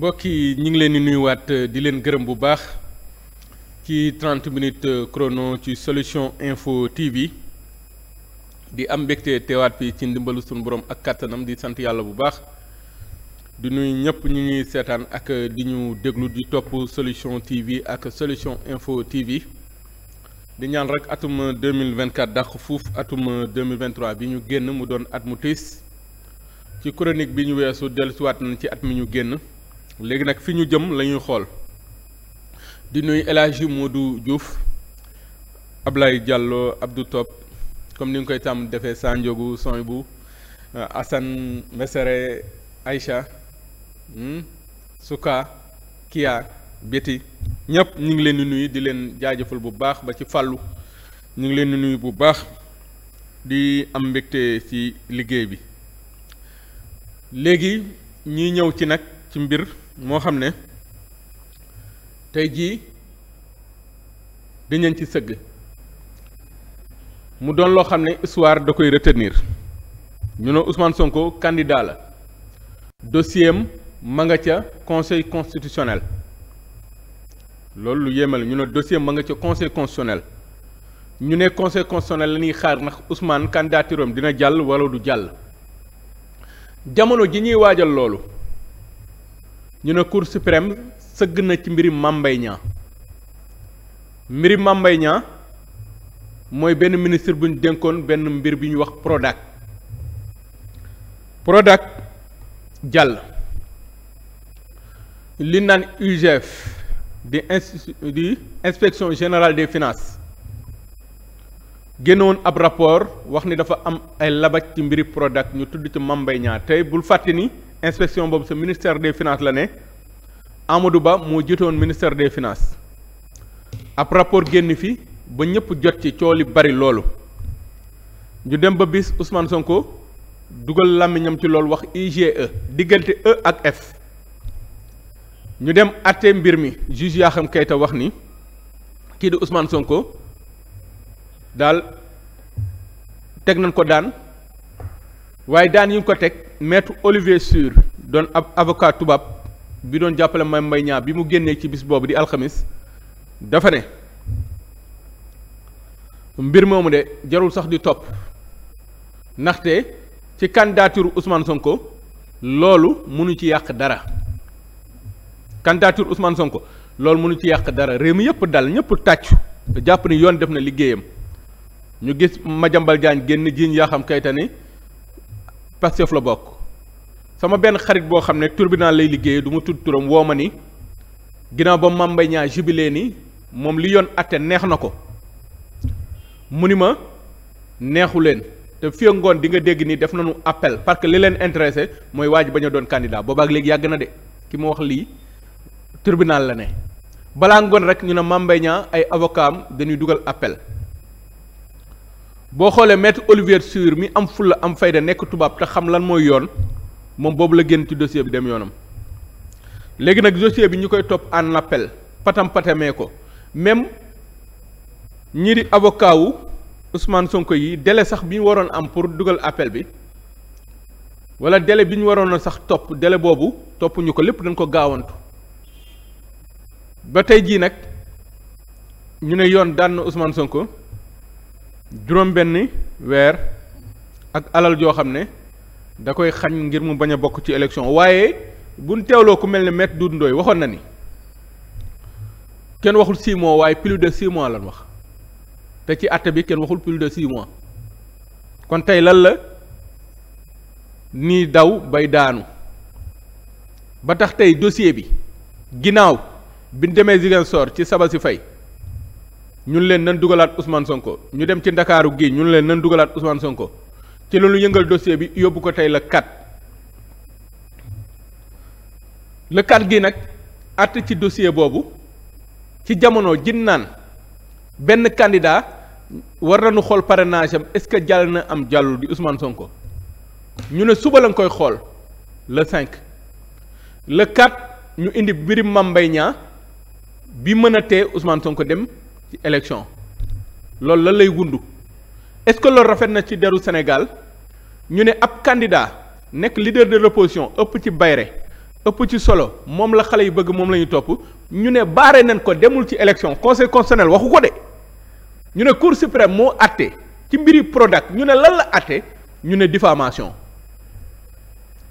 mbokk yi ñu ngi leen di nuyuwaat euh, di leen gërëm bu baax ci 30 minutes euh, crono ci solution info TV di am mbégte teewaat bi ci ndimbalu suñu borom ak kàttanam di sant yàlla bu baax di nuyu ñëpp ñu ñuy seetaan ak euh, di ñu déglu di topp solution TV ak solution info TV di ñaan rek vingt 2024 dàq fuuf atum 2023 bi ñu génn mu doon at mu tiis ci chronique bi ñu weesu dellusiwaat nañ ci at mi ñu génn. léegi nag fi ñu jëm lañuy xool di nuyu El Hadji Modou Diouf Ablaye jàlloo abdu Top comme ni nga koy tàmm defee Sanjogu Soy bu euh, Assane Mesere Aïcha hmm, suka Kia Béti ñëpp ñu ngi leen di nuyu di leen jaajëfal bu baax ba ci fàllu ñu ngi leen di nuyu bu baax di am mbégte ci liggéey bi léegi ñi ñëw ci nag ci mbir moo xam ne tey jii dinañ ci sëgg mu doon loo xam ne histoire da koy retenir ñu ne Ousmane Sonko candidat la dossier ma nga ca conseil constitutionnel loolu lu yéemal ñu ne dossier ma nga ca conseil constitutionnel ñu ne conseil constitutionnel la ñuy xaar ndax Ousmane candidature am dina jàll wala du jàll jamono ji ñuy waajal loolu. ñu ne cour suprême sëgg na ci mbiri Mame Mbaye Niang mbiri Mame mooy benn ministre bu ñu dénkoon benn mbir bi ñu wax Prodac Prodac jàll li naan UGF di in di inspection générale des finances génnoon ab rapport wax ni dafa am ay labaj ci mbiri Prodac ñu tudd ci Mame tey bul fàtte ni inspection boobu sa ministère des finance la ne Amadou Ba moo jiitoon ministère des finances ab rapport génn fi ba ñëpp jot ci coow li bari loolu ñu dem ba bis Ousmane Sonko dugal làmmiñam ci loolu wax IGE diggante E ak F ñu dem àtte mbir mi juge Yaxam Keita wax ni kii di Ousmane Sonko daal teg nañ ko daan. waaye daan yu ñu ko teg maître Olivier Sur doon ab avocat tubaab bi doon jàppale Mame Mbaye Niang bi mu génnee ci bis boobu di alxamis dafa ne mbir moomu de jarul sax di topp ndaxte ci candidature Ousmane Sonko loolu mënu ci yàq dara candidature Ousmane Sonko loolu mënu ci yàq dara réew mi yëpp dal ñëpp tàccu jàpp ni yoon def na liggéeyam ñu gis ma jambal Diagne génn jiiñ yaa xam kayta Pastef la bokk sama benn xarit boo xam ne tribunal lay liggéey du ma tudd turam woo ma ni ginnaaw ba Mame Mbaye Niang jubilee ni moom li yoon atte neex na ko mu ni ma neexu leen te fii ngoon dinga dégg ni def nanu appel parce que li leen intéressé mooy waaj ji doon a doon ak boobaak léegi yàgg na de ki ma wax lii tribunal la ne balaa ngoon rek ñu ne Mame ay avocam dañuy dugal appel boo xoolee maître Olivier Sur mi am fulla am fayda nekk tubaab te xam lan mooy yoon moom boobu la génn ci dossier bi dem yoonam léegi nag dossier bi ñu koy topp en nappel patam patamee ko même ñi abokaawu usmaan wu Sonko yi délai sax bi waroon am pour dugal appel bi wala délai bi ñu waroon sax topp délai boobu toppuñu ko lépp dañ ko gaawantu ba tey jii nag ñu ne yoon daan usmaan Sonko. juróom-benni weer ak alal joo xam ne da koy xañ ngir mu bañ a bokk ci élection waaye buñ teewloo ku mel ni Maître Doudou Ndoye waxoon na ni kenn waxul 6 waaye plus de 6 mois lan wax te ci àtte bi kenn waxul plus de 6 mois kon tey lan la nii daw bay daanu ba tax tey dossier bi ginnaaw bi demee demee Ziguinchor ci Sabassy Faye ñun leen nan dugalaat Ousmane Sonko ñu dem ci ndakaaru gi ñun leen nan dugalaat Sonko ci loolu yëngal dossier bi yóbbu ko tey la 4 le gi nag àtt ci dossier boobu ci jamono jin naan benn candidat war nañu xool parrainage est-ce que jàll na am jàllu di Ousmane Sonko ñu ne suba lañ koy xool la 5 le ñu indi mbirim Mame Mbaye Niang bi mën a tee Ousmane Sonko dem. ci élection loolu lan lay wundu est-ce que loolu rafet na ci deru Sénégal ñu ne ab candidat nekk lider de l'opposition ëpp ci bayre ëpp ci solo moom la xale yi bëgg moom la ñu topp ñu ne baare nañ ko demul ci élection conseil constitutionnel waxu ko de ñu ne cour suprême moo àtte ci mbiri Prodac ñu ne lan la àtte ñu ne diffamation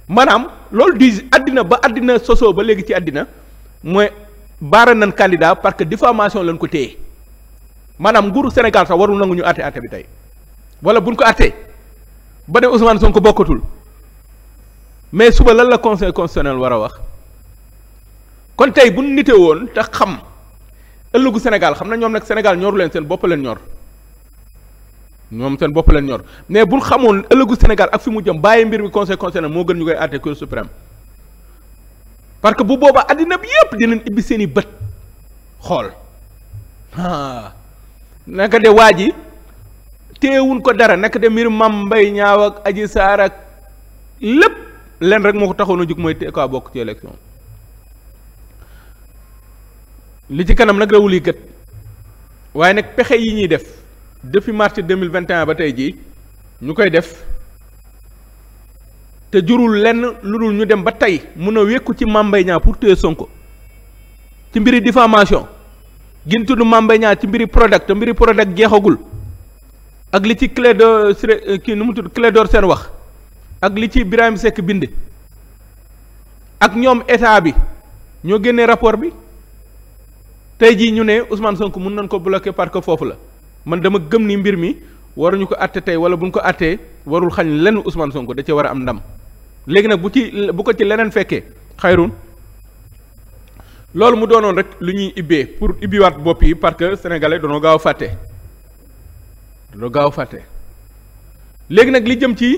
maanaam loolu di àddina ba àddina sosoo ba léegi ci àddina mooy baare nan candidat parce que diffamation lañ ko téye maanaam nguuru Sénégal sax warul nangu ñu àtte àtte bi tey wala buñ ko àttee ba ne Ousmane ko bokkatul mais suba lan la conseil constitutionnel war a wax kon tey bu nite woon te xam ëllëgu Sénégal xam na ñoom nag Sénégal ñoru leen seen bopp leen ñor ñoom seen bopp leen ñor mais bu xamoon ëllëgu Sénégal ak fi mu jëm bàyyi mbir mi conseil constitutionnel moo gën ñu koy àtte cour suprême parce que bu boobaa àddina bi yépp dinañ ibbi seen i bët xool ah. naka de waa ji téewun ko dara naka de mbir mam mbay ñaaw ak aji saar ak lépp leen rek moo ko taxoon a mooy te bokk ci élection li ci kanam nag rawul yi gët waaye nag pexe yi ñuy def depuis mars 2021 ba tey jii ñu koy def te jurul lenn lu dul ñu dem ba tey mun a wékku ci Mame Mbaye pour téye Sonko ci mbiri diffamation gin tudd Mame Mbaye ci mbiri Prodac te mbiri Prodac jeexagul ak li ci clé d'or euh, kii nu mu tudd clé d'or seen wax ak li ci Birahim Seck bind ak ñoom état bi ñoo génnee rapport bi tey jii ñu ne Ousmane Sonko mën nañ ko bloquer parce que foofu la man dama gëm ni mbir mi waruñu ko àtte tey wala buñ ko àttee warul xañ lenn Ousmane Sonko da ci war a am ndam léegi nag bu ci bu ko ci leneen fekkee xayrun loolu mu doonoon rek li ñuy ibbee pour ibbiwaat bopp yi parce que sénégalais danoo gaaw fàtte danoo gaaw fàtte léegi nag li jëm ci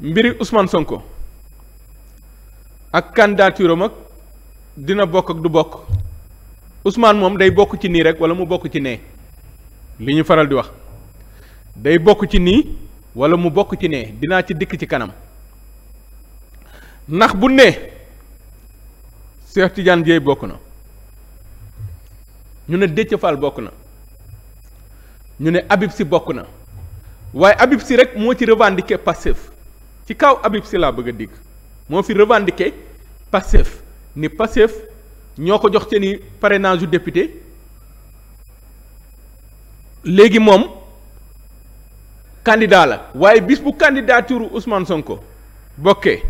mbiri Ousmane Sonko ak candidature am ak dina bokk ak du bokk usmaan moom day bokk ci nii rek wala mu bokk ci nee li ñu faral di wax day bokk ci nii wala mu bokk ci nee dinaa ci dikk ci kanam ndax bu nee Cheikh Tidiane Dieye bokk na ñu ne Déthié Fall bokk na ñu ne Habib Sy bokk na waaye Habib Sy rek moo ci revendiqué Pastef ci kaw Habib Sy laa bëgg a digg moo fi revendiqué Pastef ni Pastef ñoo ko jox seeni parrainage yu député léegi moom candidat la waaye bis bu candidature son ko bokkee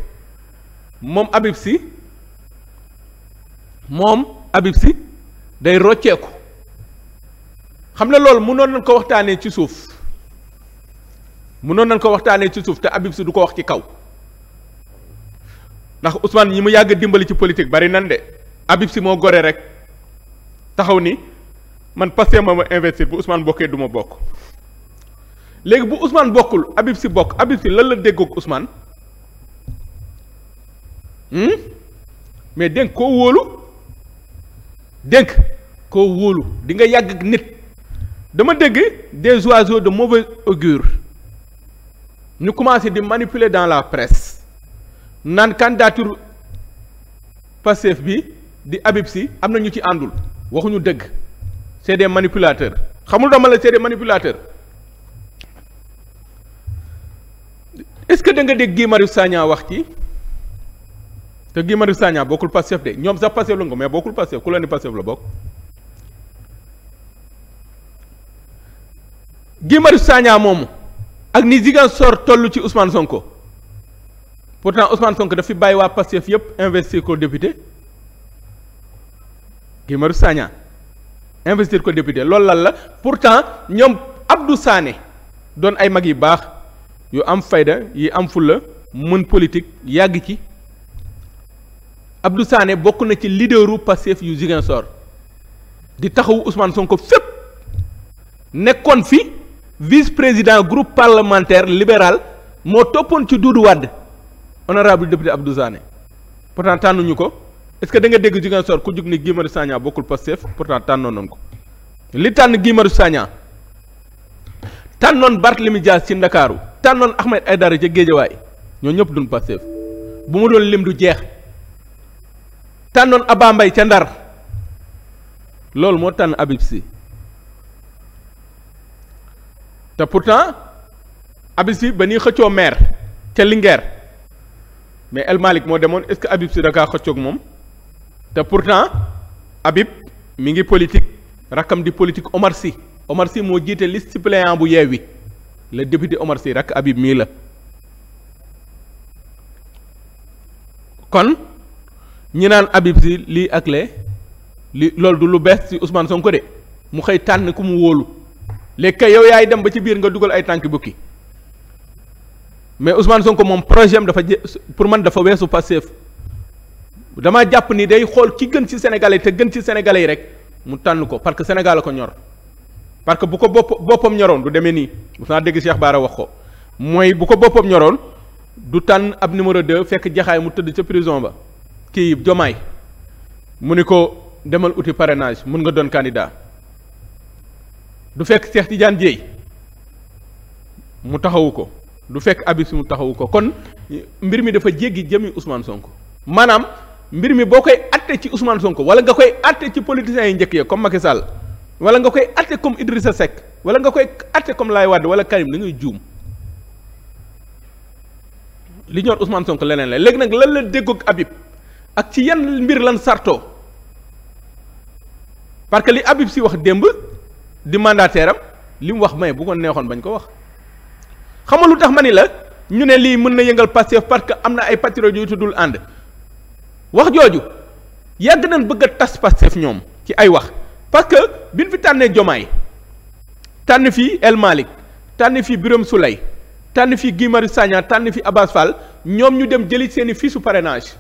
moom Habib Sy moom Habib Sy day rocceeku xam ne loolu mënoon nañ ko waxtaanee ci suuf mënoon nañ ko waxtaanee ci suuf te Habib Sy du ko wax ci kaw ndax Ousmane ñi mu yàgg dimbali ci politique bari nan de Habib Sy moo gore rek taxaw ni man Pastef ma ma investir bu Ousmane bokkee duma bokk léegi bu Ousmane bokkul Habib Sy bokk Habib Sy lan la déggoog Ousmane hmm? mais dégg koo wóolu. dénk koo wóolu di nga yàgg ak nit dama dégg des oiseaux de mauvais augure ñu commencé di manipuler dans la presse naan candidature Pastef bi di Habib Sy am na ñu ci àndul waxuñu dëgg c'est des manipulateurs xamul dama la c'est des manipulateurs est-ce que da nga dégg Guy Marius Sagna wax ci te Guy Marius Sagna bokkul Pastef de ñoom sax Pastef la nga mais bokkul Pastef ku la ni Pastef la bokk Guy Marius moomu ak ni sor tollu ci Ousmane Sonko pourtant Ousmane Sonko daf fi bàyyi waa Pastef yëpp investir ko député Guy Marius Sagna investir ko député loolu lan la pourtant ñoom Abdou saane doon ay mag yu baax yu am fayda yi am fulla mën politique yàgg ci Abdou Sané bokk na ci leaderu Pastef yu Ziguinchor di taxawu Ousmane Sonko fépp nekkoon fi vice président groupe parlementaire libéral moo toppoon ci Doudou Wade honorable député Abdou Sané pourtant ñu ko est-ce que da nga dégg Ziguinchor ku jug ni Guy Marius Sagna bokkul Pastef pourtant tànnoon nañ ko li tànn Guy Marius Sagna tànnoon Barthélemy Dias ci Ndakaaru tànnoon Ahmed Aïdara ca Géejawaay ñoo ñëpp duñ Pastef bu ma doon lim du jeex tànnoon Abba Mbaye ca Ndar loolu moo tànn Habib Sy te pourtant Habib Sy ba ñuy xëccoo maire ca Linguère mais El Malick moo demoon est-ce que Habib Sy da kaa xëccoog moom te pourtant Habib mi ngi politique rakkam di politique Omar Sy Omar Sy moo jiite li suppléant bu Yewwi le député Omar Sy rakk Habib mii la kon ñi naan Habib si lii ak lee li loolu du lu bees si Ousmane Sonko de mu xëy tànn ku mu wóolu léegi kay yow yaay dem ba ci biir nga dugal ay tànk bukki mais Ousmane Sonko moom projet dafa je pour man dafa weesu Pastef damaa jàpp ni day xool ki gën ci sénégalais te gën ci sénégalais yi rek mu tànn ko parce que Sénégal ko ñor parce que bu ko bopp boppam ñoroon du demee nii mos naa dégg Cheikh Bara wax ko mooy bu ko boppam ñoroon du tànn ab numéro de fekk jaxaay mu tëdd ca prison ba. kii Jomaay mu ni ko demal uti parrainage mun nga doon candidat du fekk seex Tidiane Dièye mu taxawu ko du fekk Abib mu taxawu ko kon mbir mi dafa jéggi jëmi Ousmane sonk maanaam mbir mi boo koy atte ci Ousmane Sonko wala nga koy atte ci politiciens yi njëkk ya comme i Sall wala nga koy atte comme Idrissa Seck wala nga koy atte comme Laye Wade wala Karim li ngay juum li ñor Ousmane Sonko leneen la léegi nag lan la déggoog Abib ak ci yan mbir lan sartoo parce que li Habib si wax démb di mandataire am li mu wax may bu ko neexoon bañ ko wax xamal lu tax ma ni la ñu ne lii mën na yëngal Pastef parce que am na ay patriotes yu dul ànd wax jooju yàgg nañ bëgg a tas Pastef ñoom ci ay wax parce que biñ fi tànnee Jomaay tànn fii El Malick tànn fii biram Souleye tànn fii Guy Marius Sagna tànn fii Abass ñoom ñu dem jëli seeni i fiisu parrainage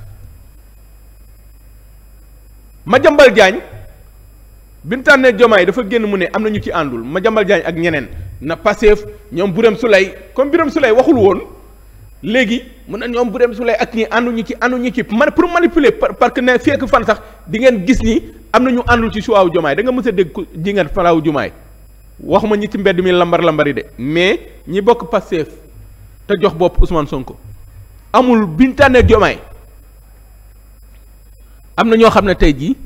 Madiambal Diagne bi mu tànnee Diomaye dafa génn mu ne am na ñu ci àndul ma Madiambal Diagne ak ñeneen na Pastef ñoom Birame Souleye comme Birame Souleye waxul woon léegi mun na ñoom Birame Souleye ak ñi àndu ñu ci àndu ñu ci man pour manipuler parce que ne fekk fan sax di ngeen gis ni am na ñu àndul ci choix wu Diomaye da nga mës a dégg ku ji ngeen falaawu Diomaye waxuma ñi ci mbedd mi lambar lambari de mais ñi bokk Pastef te jox bopp Ousmane Sonko amul bi ñu tànnee Diomaye am na ñoo xam ne tey jii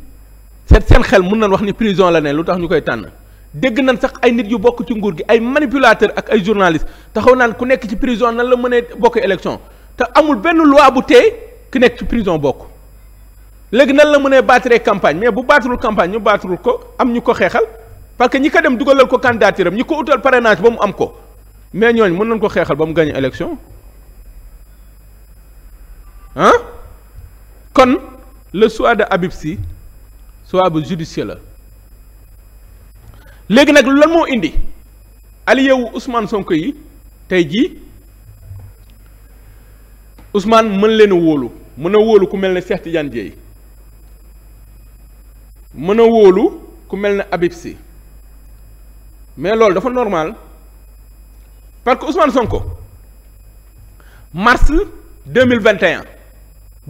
seen seen xel mun nañ wax ni prison la ne lu tax ñu koy tànn dégg nañ sax ay nit yu bokk ci nguur gi ay manipulateur ak ay journaliste taxaw naan ku nekk ci prison nan la mënee bokk élection te amul benn loi bu tee ki nekk ci prison bokk léegi nan la mënee battre campagne mais bu battrul campagne ñu battrul ko am ñu ko xeexal parce que ñi ko dem dugalal ko candidature am ñi ko utal parrainage ba mu am ko mais ñooñ mën nañ ko xeexal ba mu gagné élection le choix de Habib Sy choix bu la léegi nag lan moo indi allié wu Ousmane Sonko yi tey jii Ousmane mën leen a wóolu mën a wóolu ku mel ne Cheikh Tidiane Dièye mën a wóolu ku mel ne Habib Sy mais loolu dafa normal parce que Ousmane Sonko mars deux mille vingt et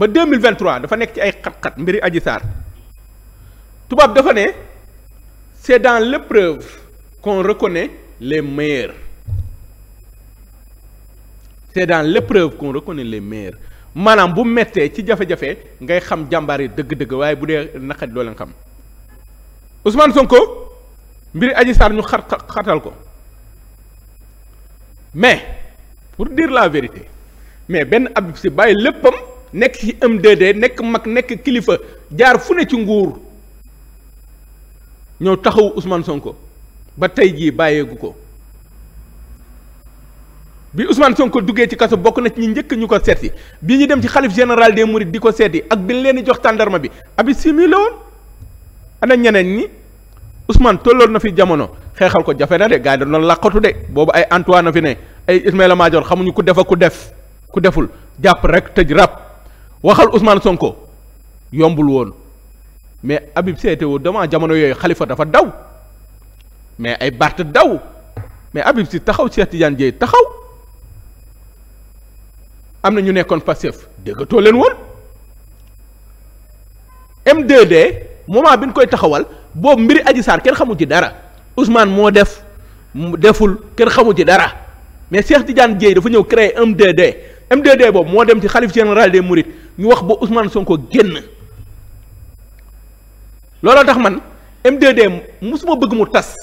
ba deux mille vingt dafa nekk ci ay xat-xat mbiri Adji tubaab dafa ne c'est dans l'épreuve qu'on reconnaît les meilleurs c'est dans l'épreuve qu'on reconnaît les meilleurs maanaam bu mettee ci jafe-jafe ngay xam jàmbaar yi dëgg-dëgg waaye bu dee naqat doo leen xam Ousmane Sonko mbiri Adji ñu xat xatal ko mais pour dire la vérité mais benn Habib Sy bàyyi léppam. nekk ci md 2 nekk mag nekk kilifa jaar fu ne ci nguur ñoo taxaw usman Sonko ba tey jii bàyyeegu ko bi Ousmane Sonko duggee ci kaso bokk na ci ñi njëkk ñu ko seeti bi ñu dem ci xalif général des Mourides di ko seeti ak bi leen di jox tàndarma bi abi simi ana ñeneen ñi Ousmane tolloon na fi jamono xeexal ko jafe na de gars yi làqatu de boobu ay Antoine na fi ne ay Ismaïla Madior xamuñu ku def ak ku def ku deful jàpp rek tëj ràpp waxal Ousmane Sonko yombul woon mais Habib seetewoo devant jamono yooyu xalifa dafa daw mais ay Barth daw mais Habib si taxaw Cheikh Tidiane Dièye taxaw am na ñu nekkoon Pastef déggatoo leen woon m 2 bi ñu koy taxawal boobu mbiri Adji Sarr kenn xamu ci dara Ousmane moo def mu deful kenn xamu ci dara mais Cheikh Tidiane Dièye dafa ñëw créer M2D m boobu moo dem ci xalif général des Mourides. ñu wax ba Ousmane Sonko génn looloo tax man mdd 2 d musuma bëgg mu tas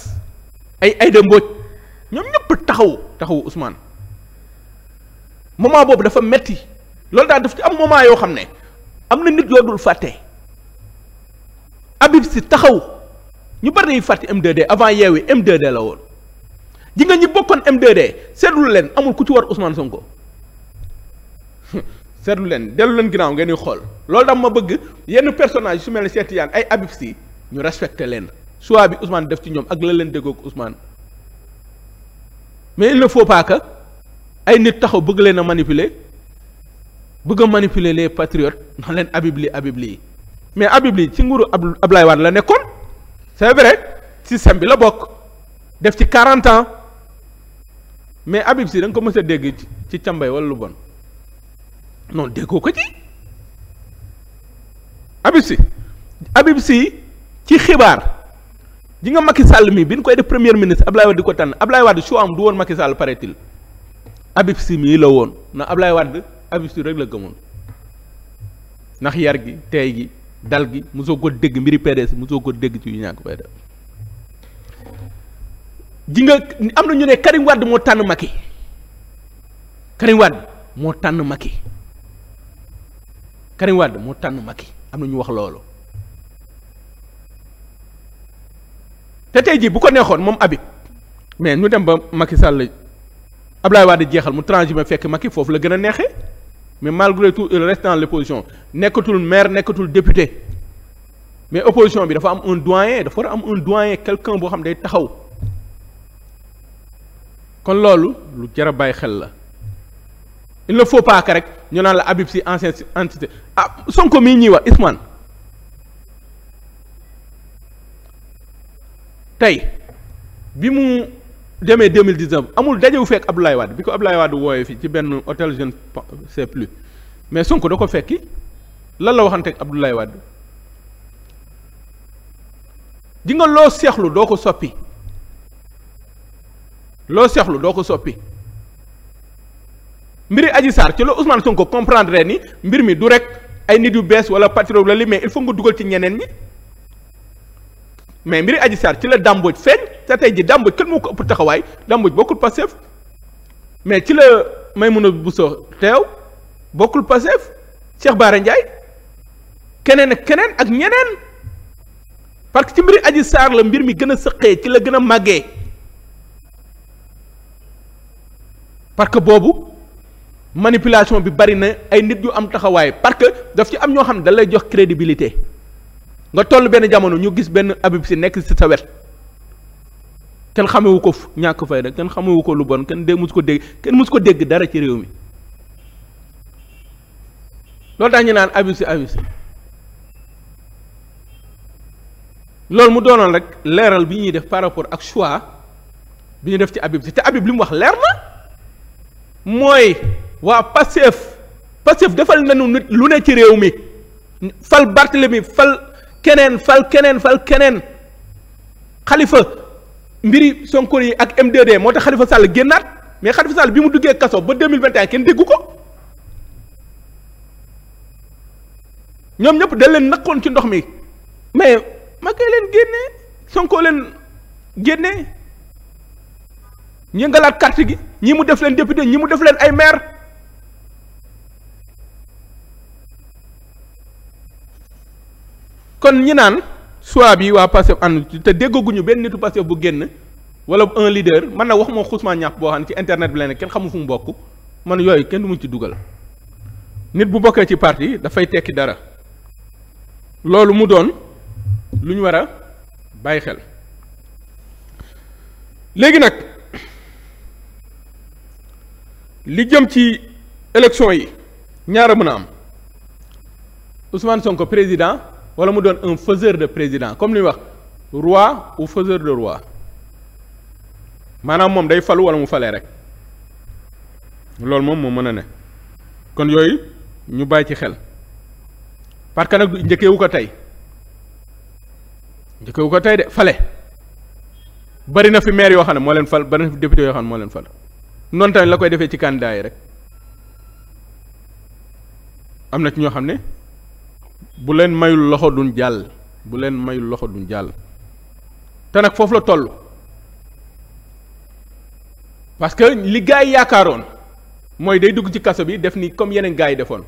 ay Aïda Mbodj ñoom ñëpp taxaw taxawu Ousmane moment boobu dafa metti loolu daal daf ci am moment yoo xam ne am na nit yoo dul fàtte Habib si taxaw ñu bari yi fàtte m avant yeewi M2D la woon ji nga ñi bokkoon m 2 leen amul ku ci war usmaan Sonko seetlu leen dellu leen ginnaaw ngeen di xool loolu dama ma bëgg yenn personnage su mel ne Cheikh Tidiane ay Habib Sy ñu respecté leen choix bi Ousmane def ci ñoom ak la leen déggoog Ousmane mais il ne faut pas ay nit taxaw bëgg leen a manipuler bëgg a manipuler les patriotes ndax leen Habib lii Habib lii mais Habib lii ci nguuru Abdoulaye Wade la nekkoon c'est vrai système bi la bokk def ci quarante ans mais Habib Sy da ko mës a dégg ci càmbay wala lu bon. non déggoo ko ci Habib Sy ci xibaar ji nga makki sàll mii bi ñu koy def premier ministre Ablaye Wade di ko tànn Ablaye Wade soo am du woon Macky Sall paraît-il Habib mii la woon na Ablaye Wade Habib Sy rek la gëmoon ndax yar gi tey gi dal gi mosoo ko dégg mbiri PDS mosoo ko dégg ci yu ñàkk fay def ji nga am na ñu ne Karim Wade moo tànn Macky Karim Wade moo tànn Macky Karim Wade moo tànn Macky am na ñu wax loolu te tey jii bu ko neexoon moom Habib mais nu dem ba Macky Sall Ablaye Wade jeexal mu ma fekk Macky foofu la gën a neexee mais malgré tout il reste dans nekkatul maire nekkatul député mais opposition bi dafa am un doyen dafa war am un doyen quelqu'un boo xam day taxaw kon loolu lu jar a bàyyi xel la. il ne faut pas rek ñu naan la Habib si ancien entité ah Sonko mii ñuy wax Isman tey bi mu demee deux mille dix-neuf amul dajewu fekk Abdoulaye Wade bi ko Abdoulaye Wade wooye fii ci benn hôtel je ne sais mais Sonko da ko fekki lan la waxante ak Abdoulaye Wade di nga loo seexlu doo ko soppi loo seexlu doo ko soppi mbiri Adji saar ci la Ousmane Sonko comprendre ni mbir mi du rek ay nit yu bees wala patriote la li mais il faut nga dugal ci ñeneen ñi mais mbiri Adji Sarr ci la dàmbooj feeñ te tey ji dàmbooj kenn moo ko ëpp taxawaay dàmbooj bokkul Pastef mais ci la Maimouna Bousso teew bokkul Pastef Cheikh Bara Ndiaye keneen ak keneen ak ñeneen parce que ci mbiri Adji Sarr la mbir mi gën a sëqee ci la gën a màggee parce que boobu manipulation bi bari na ay nit ñu am taxawaay parce que daf ci am ñoo xam ne da lay jox crédibilité nga toll benn jamono ñu gis benn Habib Sy nekk ci sa wet kenn xamewu ko ñàkk fay rek kenn xamewu ko lu bon kenn dé mus ko dégg kenn mus ko dégg dara ci réew mi loolu tax ñu naan Habib Sy Habib Sy loolu mu doonoon rek leeral bi ñuy def par rapport ak choix bi ñu def ci Habib Sy te Habib li mu wax leer na mooy waa Pastef Pastef defal nañu nit lu ne ci réew mi fal Barthélemy fal keneen fal keneen fal keneen xalifa mbiri Sonko yi ak m moo tax xalifa Sall génnaat mais xalifa Sall bi mu duggee kaso ba deux mille vingt kenn déggu ko ñoom ñëpp de leen naqoon ci ndox mi mais ma koy leen génnee Sonko leen génnee ñi ngalaat gi ñi mu def leen député ñi mu def leen ay maire kon ñi naan choix bi waa Pastef ànd te déggaguñu benn nitu Pastef bu génn wala un leader mën na wax moo xusmaa ñàpp boo xam ne ci internet bi la ne kenn xamu fu mu bokk man yooyu kenn du mu ci dugal nit bu bokkee ci parti dafay tekki dara loolu mu doon lu ñu war a bàyyi xel léegi nag li jëm ci élection yi ñaara mën a am Ousmane Sonko président wala mu doon un faiseur de président comme li ñuy wax roi ou faiseur de roi maanaam moom day falu wala mu falee rek loolu moom moo mën a ne kon yooyu ñu bàyyi ci xel parce que nag njëkkeewu ko tey njëkkeewu ko tey de fale bari na fi maire yoo xam ne moo leen fal bari na fi député yoo xam ne moo leen fal noonu tamit la koy defee ci candidat rek am na ci ñoo xam ne bu leen mayul loxo duñ jàll bu leen mayul loxo duñ jàll te nag foofu la toll parce que li gars yaakaaroon mooy day dugg ci kaso bi def ni comme yeneen gars yi defoon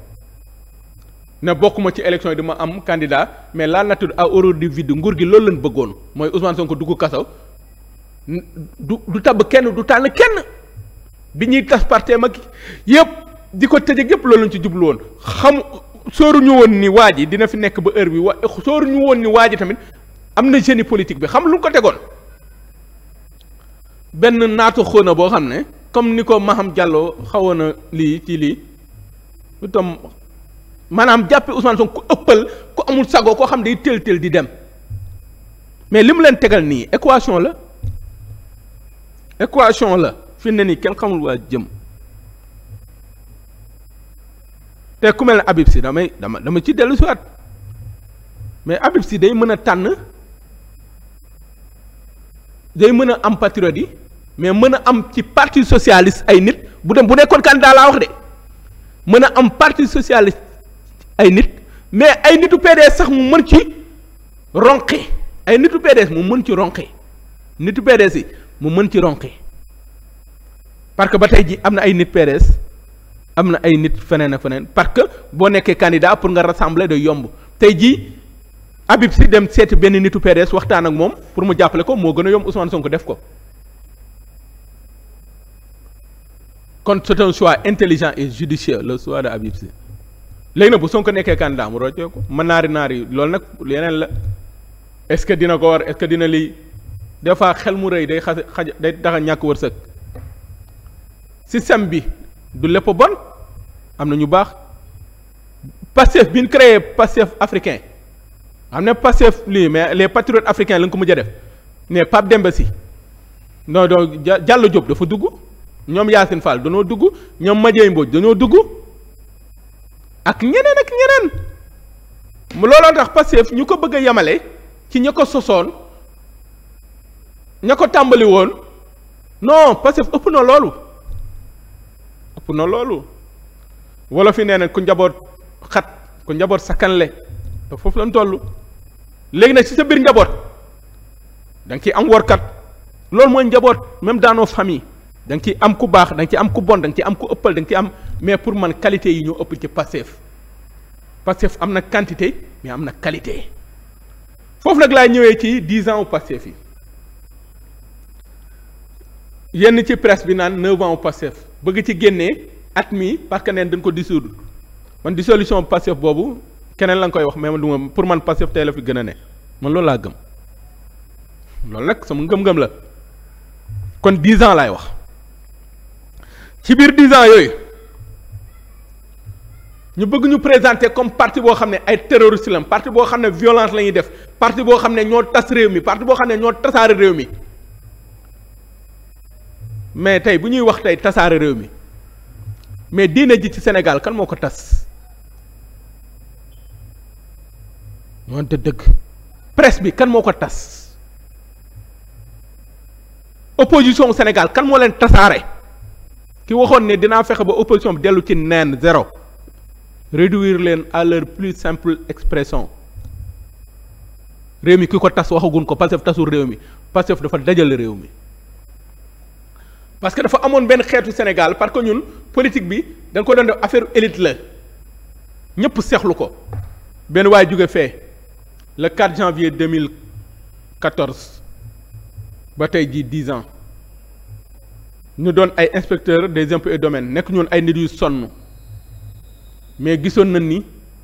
ne bokkuma ci élection yi ma am candidat mais la nature à horreur du vide nguur gi loolu leen bëggoon mooy Ousmane Sonko dugg kaso du du kenn du tànn kenn bi ñuy tas parteem ak yëpp di ko tëjee yëpp loolu lañ ci jublu woon sooru sóoruñu woon ni waa ji dina fi nekk ba heure bi wa ñu woon ni waa ji tamit am na seeni politique bi xam lu ko tegoon benn naatu xóona boo xam ne comme ni ko ma am Diallo xawoon a lii ci lii itam maanaam jàppe Ousmane Sonko ku ëppal ku amul sago koo xam day tël tël di dem mais li mu leen tegal nii équation la équation la fi ne nii kenn xamul waa jëm te ku mel ne Habib Sy damay dama dama ci dellu si waat mais Habib Sy day mën a tànn day mën a am patriote yi mais mën a am ci parti socialiste ay nit bu dem bu nekkoon candidat laa wax de mën a am parti socialiste ay nit mais ay nitu PDS sax mu mën ci ronqi ay nitu PDS mu mën ci ronqi nitu PDS yi mu mën ci ronqi parce que ba tey ji am na ay nit PDS am na ay nit feneen ak feneen parce que boo nekkee candidat pour nga rassembler day yomb tey jii Habib Sy dem seeti benn nitu PDS waxtaan ak moom pour mu jàppale ko moo gën a yomb Ousmane ko def ko kon c'est un intelligent et judicieux le choix de Habib Sy léegi nag bu Sonko nekkee candidat mu roccee ko mën naari naari loolu nag yeneen la est-ce que dina ko war est dina lii des fois xel mu rëy day xas xaj day tax a ñàkk wërsëg système bi du lépp bon am na ñu baax Pastef bi ñu créé Pastef africain xam na Pastef lii mais les patriotes africain la nga ko mujj a def ne Pape Demba no non non Diallo Diop dafa dugg ñoom Yacine Fall dañoo dugg ñoom Madiaye Mbodj dañoo dugg ak ñeneen ak ñeneen looloo tax Pastef ñu ko bëgg a yemale ci ña ko sosoon ña ko tàmbali woon non Pastef ëpp na loolu ëpp na loolu. wala fi nee na ku njaboot xat ku njaboot sakkanle te foofu lañ toll léegi nag ci sa biir njaboot danga nga ciy am workat loolu mooy njaboot même daanoo famille da nga ciy am ku baax da ci am ku bon da nga ciy am ku ëppal danga nga am mais pour man qualité yi ñoo ëpp ci Pastef Pastef am na quantité mais am na qualité foofu nag laay ñëwee ci dix ans au Pastef yi yenn ci presse bi naan neuf ans au Pastef bëgg ci génnee at mi parce que neen dañ ko dissoudre man dissolution Pastef boobu keneen la nga koy wax mais man du ma pour man Pastef tey la fi gën a ne man loolu laa gëm loolu nag sama gëm ngëm la kon dix ans laay wax ci biir dix ans yooyu ñu bëgg ñu présenter comme parti boo xam ne ay terroriste la parti boo xam ne violence la ñuy def parti boo xam ne ñoo tas réew mi parti boo xam ne ñoo tasaare réew mi mais tey bu ñuy wax tey tasaare réew mi mais diine ji ci Sénégal kan moo ko tas. wante dëkk presse bi kan moo ko tas. opposition Sénégal kan moo leen tasaare. ki waxoon ne dinaa fexe ba opposition bi dellu ci neen zéro. réduire leen à leur plus simple expression. réew mi ki ko tas waxagun ko Pastef tasul réew mi Pastef dafa dajale réew mi. parce que dafa amoon benn xeetu Sénégal parce que ñun politique bi da nga ko doon def affaire élite la ñëpp seexlu ko benn waay jóge fee le 4 janvier 2014 ba tey jii 10 ans ñu doon ay inspecteurs des impôts et domaines nekk ñoon ay nit yu sonn mais gisoon nañ ni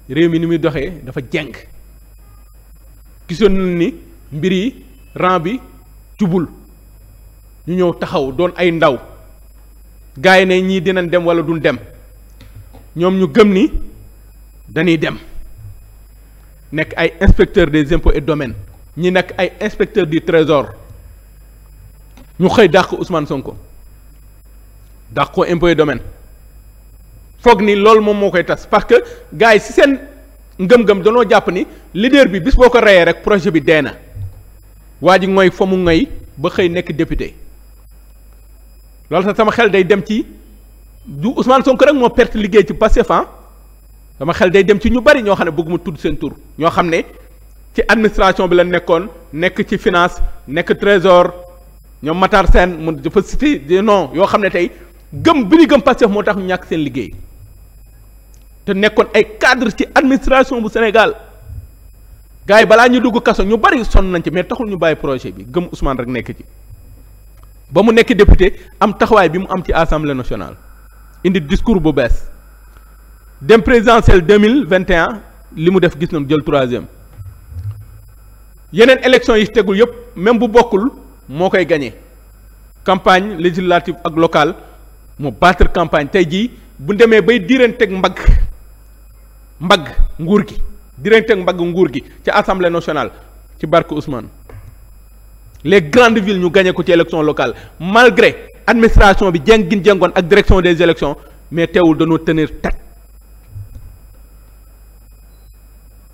réew mi ni muy doxee dafa jeng gisoon nañ ni mbir yi rang bi jubul. ñu ñëw taxaw doon ay ndaw gars yi ne ñii dinañ dem wala duñ dem ñoom ñu gëm ni dañuy dem nekk ay inspecteur des impôts et domaines ñi nekk ay inspecteur du trésor ñu xëy dàq Ousmane Sonko dàq ko impôts et domaines foog ni loolu moom moo koy tas parce que gars yi si seen ngëm-ngëm danoo jàpp ni leader bi bis boo ko reyee rek projet bi dee na waa ji ngoy fa mu ngoy ba xëy nekk député loolu sax sama xel day dem ci du son Sonko rek moo perte liggéey ci Pastef ah. sama xel day dem ci ñu bari ñoo xam ne bëgg mu tudd seen tur ñoo xam ne ci administration bi la nekkoon nekk ci finance nekk trésor ñoom Matar Sène mu dafa cité non yoo xam ne tey gëm bi ñu gëm Pastef moo tax ñu ñàkk seen liggéey te nekkoon ay cadre ci administration bu Sénégal gars yi balaa ñu dugg kaso ñu bari sonn nañ ci mais taxul ñu bàyyi projet bi gëm Ousmane rek nekk ci ba mu nekk député am taxawaay bi mu am ci assemblée nationale indi discours bu bees dem présidentielle deux mille vingt et li mu def gis nañu jël troisième yeneen élection yi tegul yëpp même bu bokkul moo koy gagné campagne législative ak locale mu battre campagne tey jii bu demee bay diiranteeg mbag mbagg nguur gi diiranteeg mbagg nguur gi ci assemblée nationale ci barke Ousmane. les grandes ville ñu gagné ko ci élection locale malgré administration bi jeng gin ak direction des élections mais teewul dañoo tenir tête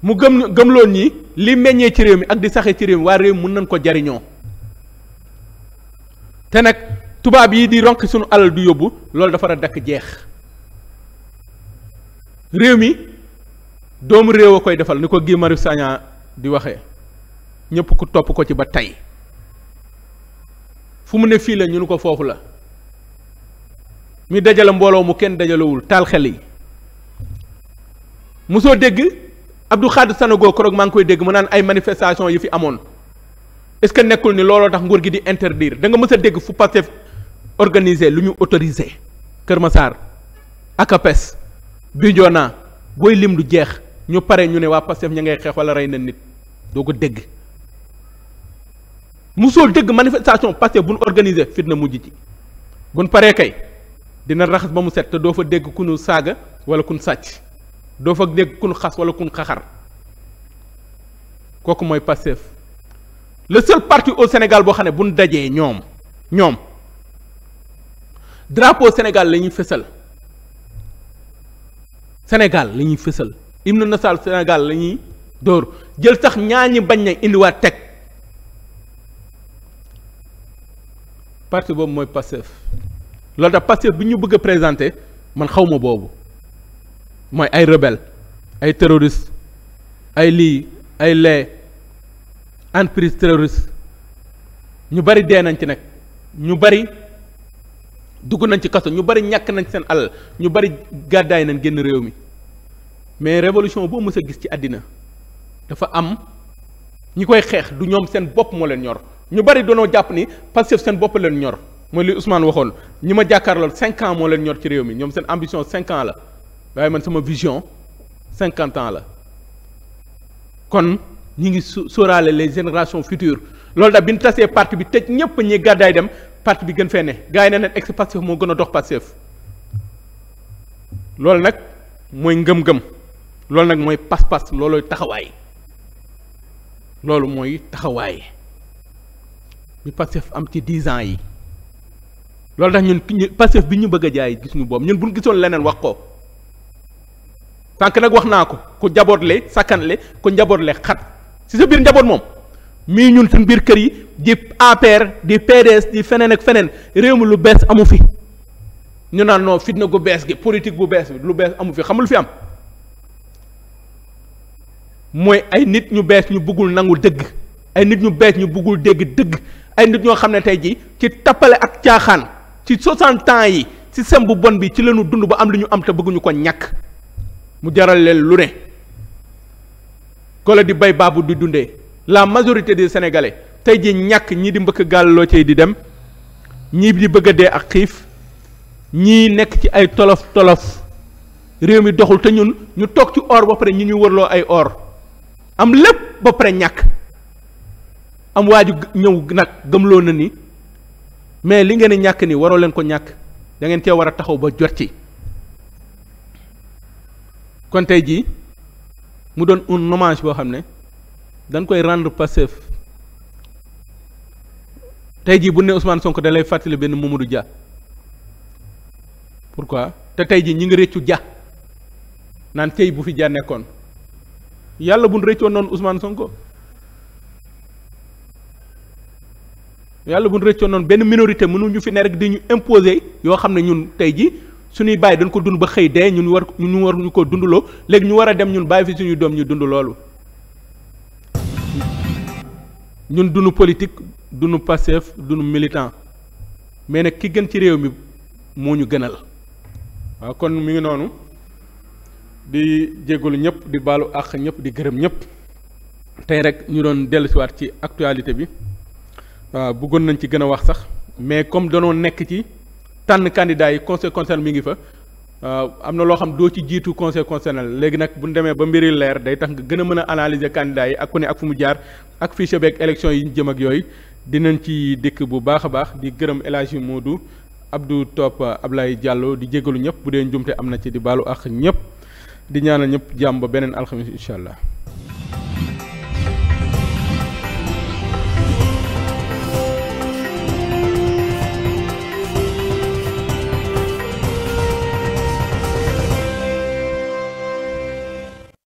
mu gëm gëmloon ñi li meññee ci réew mi ak di saxee ci réew mi waa réew mi mën nañ ko jariñoo te nag tubaab yi di ronk suñu alal du yóbbu loolu dafa war a dakk jeex réew mi doomu réew a koy defal ni ko Guy Marius Sagna di waxee ñëpp topp ko ci ba tey fu mu ne fii la ñu ne ko foofu la ñu dajale mbooloo mu kenn dajalewul taal xel yi mosoo dégg Abdou Khadre Sanogo koroog maa ngi koy dégg mu naan ay manifestation yi fi amoon est-ce que nekkul ni looloo tax nguur gi di interdire da nga mës a dégg fu Pastef organiser lu ñu autorisé Kër Massar ak APES naa booy lim du jeex ñu pare ñu ne waa Pastef ñu ngay xeex wala rey na nit doo ko dégg musoo dëgg manifestation parce que bu nu organiser fitna mujj ci bu nu paree kay dina raxas ba mu set te doo fa dégg ku nu saaga wala ku nu sàcc doo fa dégg ku nu xas wala ku nu xaxar kooku mooy Pastef le seul parti au Sénégal boo xam ne bu nu dajee ñoom ñoom drapeau Sénégal lañuy ñuy fësal Sénégal la ñuy fësal hymne national Sénégal la ñuy dóor jël sax ñaañi bañ na indiwaat teg. parti boobu mooy Pastef loolu tax Pastef bi ñu bëgg a présenté man xaw ma boobu mooy ay rebelle ay terroriste ay lii ay lee entreprise terroriste ñu bari dee nañ ci nag ñu bari dugg nañ ci kaso ñu bari ñàkk nañ seen alal ñu bari gàddaay nañ génn réew mi mais révolution boo mës gis ci àddina dafa am ñi koy xeex du ñoom seen bopp moo leen ñor ñu bari doonoo jàpp ni Pastef seen bopp leen ñor mooy li Ousmane waxoon ñi ma jàkkaarlool cinq ans moo leen ñor ci réew mi ñoom seen ambition cinq ans la waaye man sama vision cinquante ans la kon ñi ngi su sóoraale les générations futures loolu daal bi nu tasee parti bi tëj ñépp ñi gàddaay dem parti bi gën fee ne gars yi ne neen ex Pastef moo gën a dox Pastef loolu nag mooy ngëm-ngëm loolu nag mooy pas-pas loolooy taxawaay loolu mooy taxawaay bi Pastef am ci dix ans yi loolu tax ñun Pastef bi ñu bëgg a jaay gis ñu boobu ñun bu ñu gisoon leneen wax ko tànk nag wax naa ko ku jaboot le jabootle sakkanle ku le xat si sa biir njaboot moom mii ñun suñ biir kër yi di APR di PDS di feneen ak feneen réew mi lu bees amu fi ñu naan non fitna gu bees gi politique bu bees bi lu bees amu fi xamul fi am mooy ay nit ñu bees ñu buggul nangu dëgg ay nit ñu bees ñu buggul dégg dëgg ay nit ñoo xam ne tey jii ci tappale ak caaxaan ci 60 ans yi système bu bon bi ci leenu dund ba am li ñu am te bëgguñu ko ñàkk mu jaral leen lu ne ko di bay baabu di dundee la majorité des sénégalais tey jii ñàkk ñii di mbëkk gaal loo di dem ñii di bëgg a dee ak xiif ñii nekk ci ay tolof tolof réew mi doxul te ñun ñu toog ci or ba pare ñi ñu wërloo ay or am lépp ba pare ñàkk. am waa ju ñëw nag gëmloo na ni mais li ngeen ñàkk ni waroo leen ko ñàkk da ngeen cee war a taxaw ba jot ci kon tey jii mu doon un hommage boo xam ne dañ koy rendre passif tey jii bu ne Ousmane Sonko dalay fàttali benn du Dia pourquoi te tey jii ñu ngi rëccu Dia naan tey bu fi Dia nekkoon yàlla bu nu rëccoon noonu usmaan Sonko. yàlla bu ñu rëccoon noonu benn minorité ñu fi ne rek di ñu imposer yoo xam ne ñun tey ji suñuy bàyyi dañ ko dund ba xëy dee ñun war ñu war ñu ko dundloo léegi ñu war a dem ñun bàyyi fi suñuy doom ñu dund loolu ñun dunu politique dunu Pastef dunu militan mais nag ki gën ci réew mi moo ñu gënal waaw kon mi ngi noonu di jégalu ñëpp di baalu àq ñëpp di gërëm ñëpp tey rek ñu doon dellusiwaat ci actualité bi waaw euh, bëggoon nañ ci gën a wax sax mais comme danoo nekk ci tànn candidat yi conseil constitutionnel mi ngi fa euh, am na loo xam doo ci jiitu conseil constitutionnel léegi nag bu ñu demee ba mbiri leer day tax nga gën a mën a analyser candidat ak ko ne ak fu mu jaar ak fiche beeg élection yi ñu jëm ak yooyu dinañ ci dikk bu baax a baax di gërëm mu du Modou Abdou Top Ablaye Diallo di jégalu ñëpp bu dee njumte am na ci di baalu ak ñëpp di ñaanal ñëpp jàmb beneen alxamis incha allah.